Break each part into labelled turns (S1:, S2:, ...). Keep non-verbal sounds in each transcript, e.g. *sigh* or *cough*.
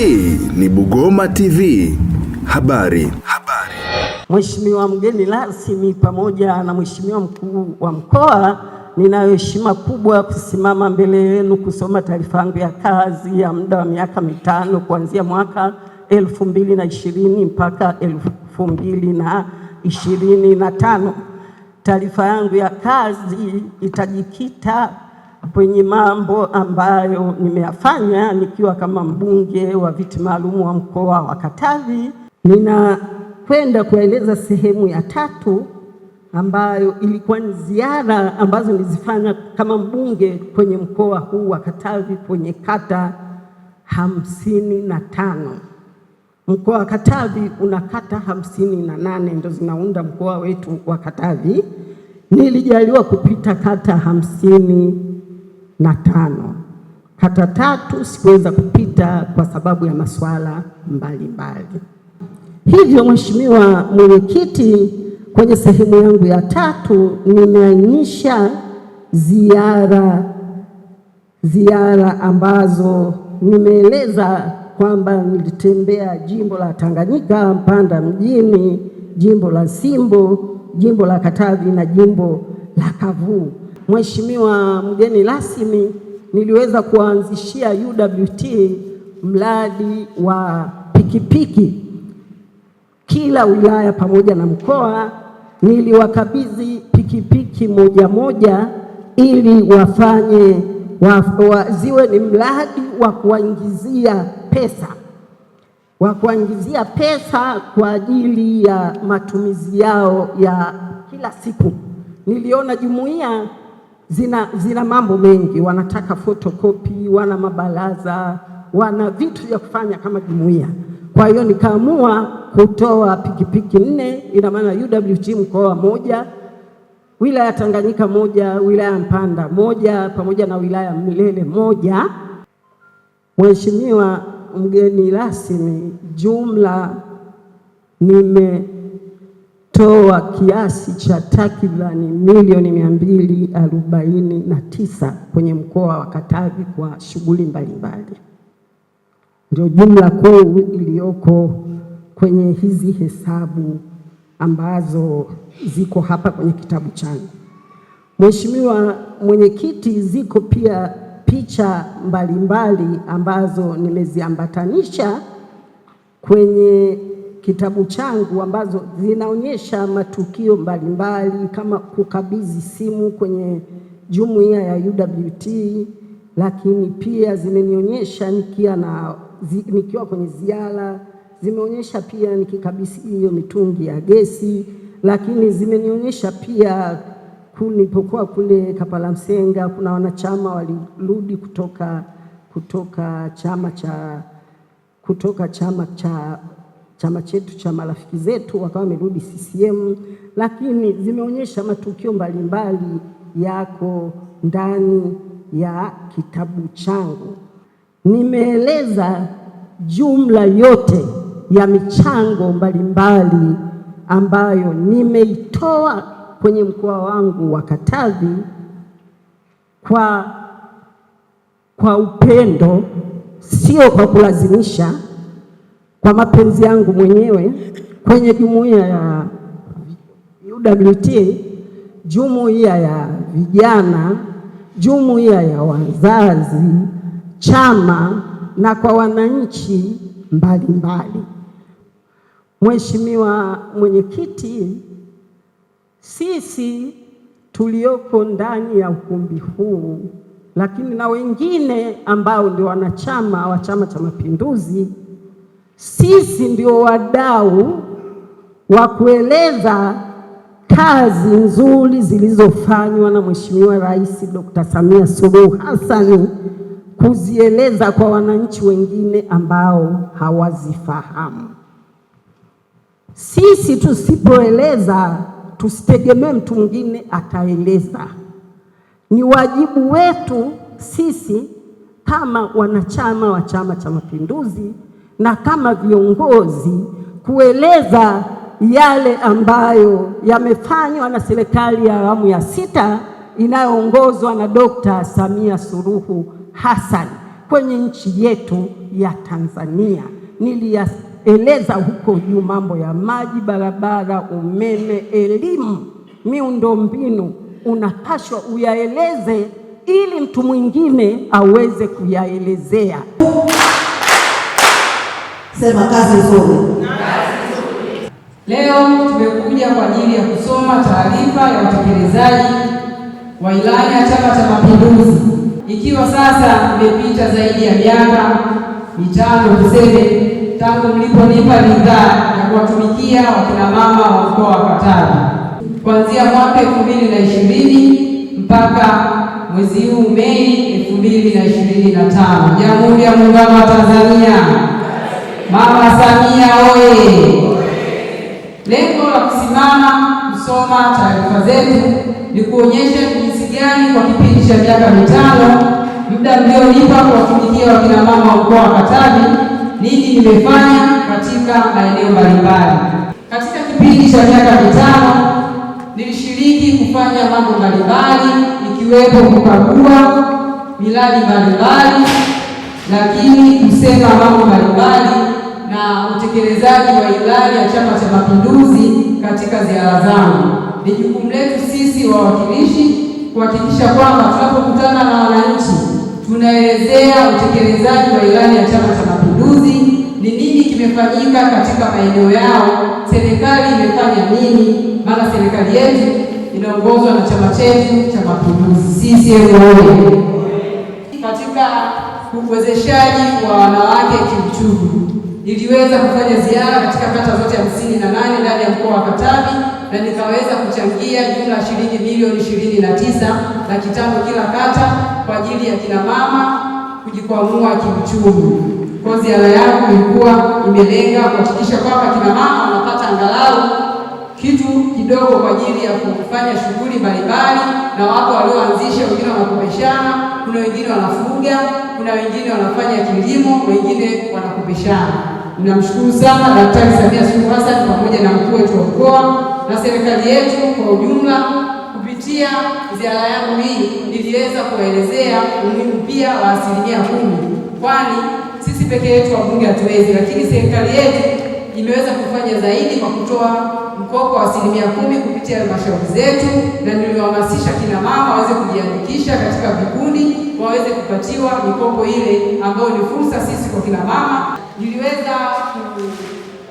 S1: Hii ni Bugoma TV. Habari. Habari.
S2: Mheshimiwa mgeni rasmi, pamoja na Mheshimiwa mkuu wa mkoa, ninayo heshima kubwa kusimama mbele yenu kusoma taarifa yangu ya kazi ya muda wa miaka mitano kuanzia mwaka elfu mbili na ishirini mpaka elfu mbili na ishirini na tano. Taarifa yangu ya kazi itajikita kwenye mambo ambayo nimeyafanya nikiwa kama mbunge wa viti maalum wa mkoa wa Katavi. Ninakwenda kueleza sehemu ya tatu ambayo ilikuwa ni ziara ambazo nilizifanya kama mbunge kwenye mkoa huu wa Katavi kwenye kata hamsini na tano. Mkoa wa Katavi una kata hamsini na nane ndio zinaunda mkoa wetu wa Katavi. Nilijaliwa kupita kata hamsini na tano. hata tatu sikuweza kupita kwa sababu ya masuala mbalimbali. Hivyo Mheshimiwa Mwenyekiti, kwenye sehemu yangu ya tatu nimeainisha ziara ziara ambazo nimeeleza kwamba nilitembea jimbo la Tanganyika, Mpanda mjini, jimbo la Simbo, jimbo la Katavi na jimbo la Kavuu. Mheshimiwa mgeni rasmi, niliweza kuanzishia UWT mradi wa pikipiki kila wilaya pamoja na mkoa. Niliwakabidhi pikipiki moja moja ili wafanye wa, wa, ziwe ni mradi wa kuwaingizia pesa wa kuwaingizia pesa kwa ajili ya matumizi yao ya kila siku. Niliona jumuiya zina, zina mambo mengi, wanataka fotokopi, wana mabaraza, wana vitu vya kufanya kama jumuiya. Kwa hiyo nikaamua kutoa pikipiki nne, ina maana UWG mkoa moja, wilaya ya Tanganyika moja, wilaya ya Mpanda moja, pamoja na wilaya Mlele moja. Mheshimiwa mgeni rasmi, jumla nime kutoa kiasi cha takribani milioni mia mbili arobaini na tisa kwenye mkoa wa Katavi kwa shughuli mbalimbali. Ndio jumla kuu iliyoko kwenye hizi hesabu ambazo ziko hapa kwenye kitabu changu. Mheshimiwa Mwenyekiti, ziko pia picha mbalimbali mbali ambazo nimeziambatanisha kwenye kitabu changu ambazo zinaonyesha matukio mbalimbali mbali, kama kukabidhi simu kwenye jumuiya ya UWT, lakini pia zimenionyesha nikiwa na zi, nikiwa kwenye ziara zimeonyesha pia nikikabidhi hiyo mitungi ya gesi, lakini zimenionyesha pia kunipokuwa kule kapala msenga kuna wanachama walirudi kutoka kutoka chama cha kutoka chama cha chama chetu cha marafiki zetu wakawa wamerudi CCM, lakini zimeonyesha matukio mbalimbali yako ndani ya kitabu changu. Nimeeleza jumla yote ya michango mbalimbali ambayo nimeitoa kwenye mkoa wangu wa Katavi kwa, kwa upendo, sio kwa kulazimisha kwa mapenzi yangu mwenyewe kwenye jumuiya ya UWT, jumuiya ya vijana, jumuiya ya wazazi, chama na kwa wananchi mbalimbali. Mheshimiwa Mwenyekiti, sisi tulioko ndani ya ukumbi huu, lakini na wengine ambao ndio wanachama wa Chama cha Mapinduzi sisi ndio wadau wa kueleza kazi nzuri zilizofanywa na Mheshimiwa Rais Dr. Samia Suluhu Hassan kuzieleza kwa wananchi wengine ambao hawazifahamu. Sisi tusipoeleza, tusitegemee mtu mwingine ataeleza. Ni wajibu wetu sisi kama wanachama wa Chama cha Mapinduzi na kama viongozi kueleza yale ambayo yamefanywa na serikali ya awamu ya sita inayoongozwa na dokta Samia Suluhu Hassan kwenye nchi yetu ya Tanzania. Niliyaeleza huko juu mambo ya maji, barabara, umeme, elimu, miundombinu, unapashwa uyaeleze ili mtu mwingine aweze kuyaelezea.
S1: Sema kazi nzuri.
S3: Leo tumekuja kwa ajili ya kusoma taarifa ya utekelezaji wa ilani ya Chama cha Mapinduzi, ikiwa sasa imepita zaidi ya miaka mitano tuseme, tangu mliponipa ridhaa ya kuwatumikia wakinamama wa mkoa wa Katavi kuanzia mwaka elfu mbili na ishirini mpaka mwezi huu Mei elfu mbili na ishirini na tano Jamhuri ya Muungano wa Tanzania. Mama Samia oye! Lengo la kusimama kusoma taarifa zetu ni kuonyesha jinsi gani kwa kipindi cha miaka mitano, muda mlionipa kuwatumikia wakina mama wa mkoa wa Katavi, nini nimefanya katika maeneo mbalimbali. Katika kipindi cha miaka mitano nilishiriki kufanya mambo mbalimbali ikiwepo kukagua miradi mbalimbali, lakini kusema mambo mbalimbali na utekelezaji wa ilani ya Chama cha Mapinduzi katika ziara zangu. Ni jukumu letu sisi wawakilishi kuhakikisha kwamba tunapokutana na wananchi tunaelezea utekelezaji wa ilani ya Chama cha Mapinduzi, ni nini kimefanyika katika maeneo yao, serikali imefanya nini, maana serikali yetu inaongozwa na chama chetu cha Mapinduzi, CCM Katika uwezeshaji wa wanawake kiuchumi niliweza kufanya ziara katika kata zote hamsini na nane ndani ya mkoa wa Katavi na nikaweza kuchangia jumla ya shilingi milioni ishirini na tisa laki tano kila kata kwa ajili ya kina mama kujikwamua kiuchumi. Kwa ziara yangu ilikuwa imelenga kuhakikisha kwamba kina mama wanapata angalau kitu kidogo kwa ajili ya kufanya shughuli mbalimbali, na wapo walioanzisha, wengine wanakopeshana, kuna wengine wanafuga, kuna wengine wanafanya kilimo, wengine wanakopeshana. Ninamshukuru sana Daktari Samia Suluhu Hassan pamoja na mkuu wetu wa mkoa na serikali yetu kwa ujumla. Kupitia ziara yangu hii niliweza kuwaelezea umuhimu pia wa asilimia kumi, kwani sisi peke yetu wabunge hatuwezi, lakini serikali yetu imeweza kufanya zaidi kwa kutoa mkopo wa asilimia kumi kupitia halmashauri zetu, na niliwahamasisha kina mama waweze kujiandikisha katika vikundi waweze kupatiwa mikopo ile ambayo ni fursa sisi kwa kina mama. Niliweza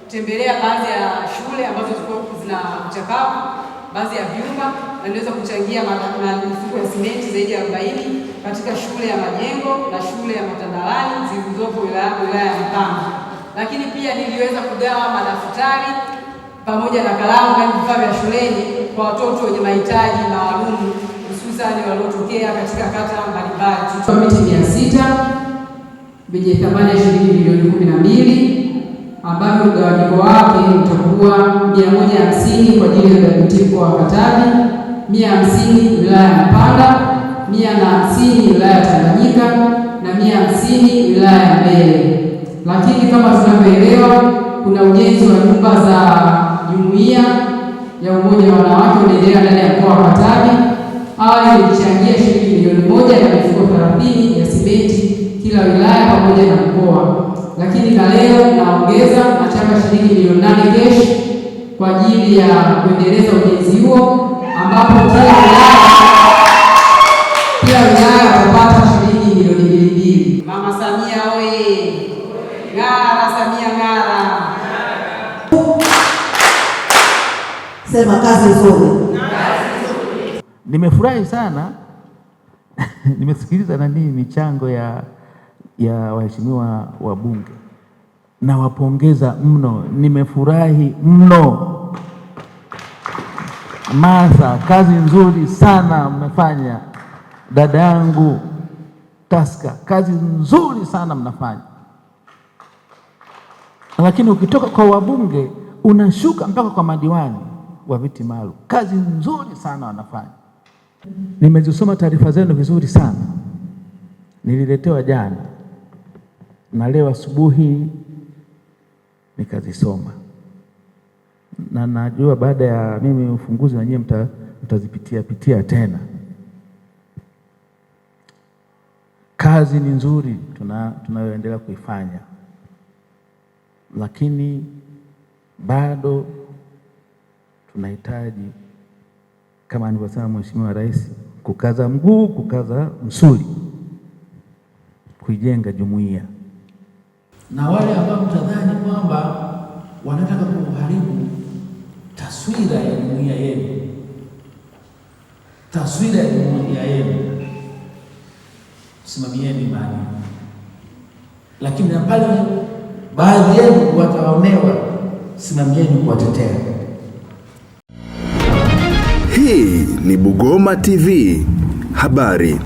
S3: kutembelea baadhi ya shule ambazo zilikuwa zina uchakavu, baadhi ya vyumba, na niliweza kuchangia mifuko ya simenti zaidi ya 40 katika shule ya Majengo na shule ya Matandalani zilizopo wilaya ya Mpanda, lakini pia niliweza kugawa madaftari pamoja na kalamu na vifaa vya shuleni kwa watoto wenye mahitaji maalum hususani waliotokea katika kata mbalimbali. Tutoa miti mia sita vyenye thamani ya shilingi milioni kumi na mbili ambavyo mgawanyiko wake utakuwa mia moja hamsini kwa ajili ya WWT mkoa wa Katavi, mia hamsini wilaya ya Mpanda, mia na hamsini wilaya ya Tanganyika na mia hamsini wilaya ya Mbeya. Lakini kama tunavyoelewa kuna ujenzi wa nyumba za jumuiya ya umoja wa wanawake unaendelea ndani ya mkoa wa Katavi awali ilichangia shilingi milioni moja na mifuko thelathini ya simenti kila wilaya pamoja na mkoa, lakini na leo naongeza nachanga shilingi milioni nane kesh kwa ajili ya kuendeleza ujenzi huo ambapo kila wilaya
S1: Sema kazi nzuri.
S4: Nimefurahi sana *laughs* nimesikiliza nani michango ya, ya waheshimiwa wabunge, nawapongeza mno, nimefurahi mno. Masa, kazi nzuri sana mmefanya. Dada yangu Taska, kazi nzuri sana mnafanya, lakini ukitoka kwa wabunge unashuka mpaka kwa madiwani wa viti maalum. Kazi nzuri sana wanafanya. Nimezisoma taarifa zenu vizuri sana, nililetewa jana na leo asubuhi nikazisoma, na najua baada ya mimi ufunguzi wenyewe mta, mtazipitia pitia tena. Kazi ni nzuri tunayoendelea tuna kuifanya, lakini bado tunahitaji kama alivyosema Mheshimiwa Rais kukaza mguu, kukaza msuli, kuijenga jumuiya. Na wale ambao mtadhani kwamba wanataka kuharibu taswira ya jumuiya yenu, taswira ya jumuiya yenu, simamieni imani. Lakini na pale baadhi yenu watawaonewa, simamieni kuwatetea. Hii ni Bugoma TV habari.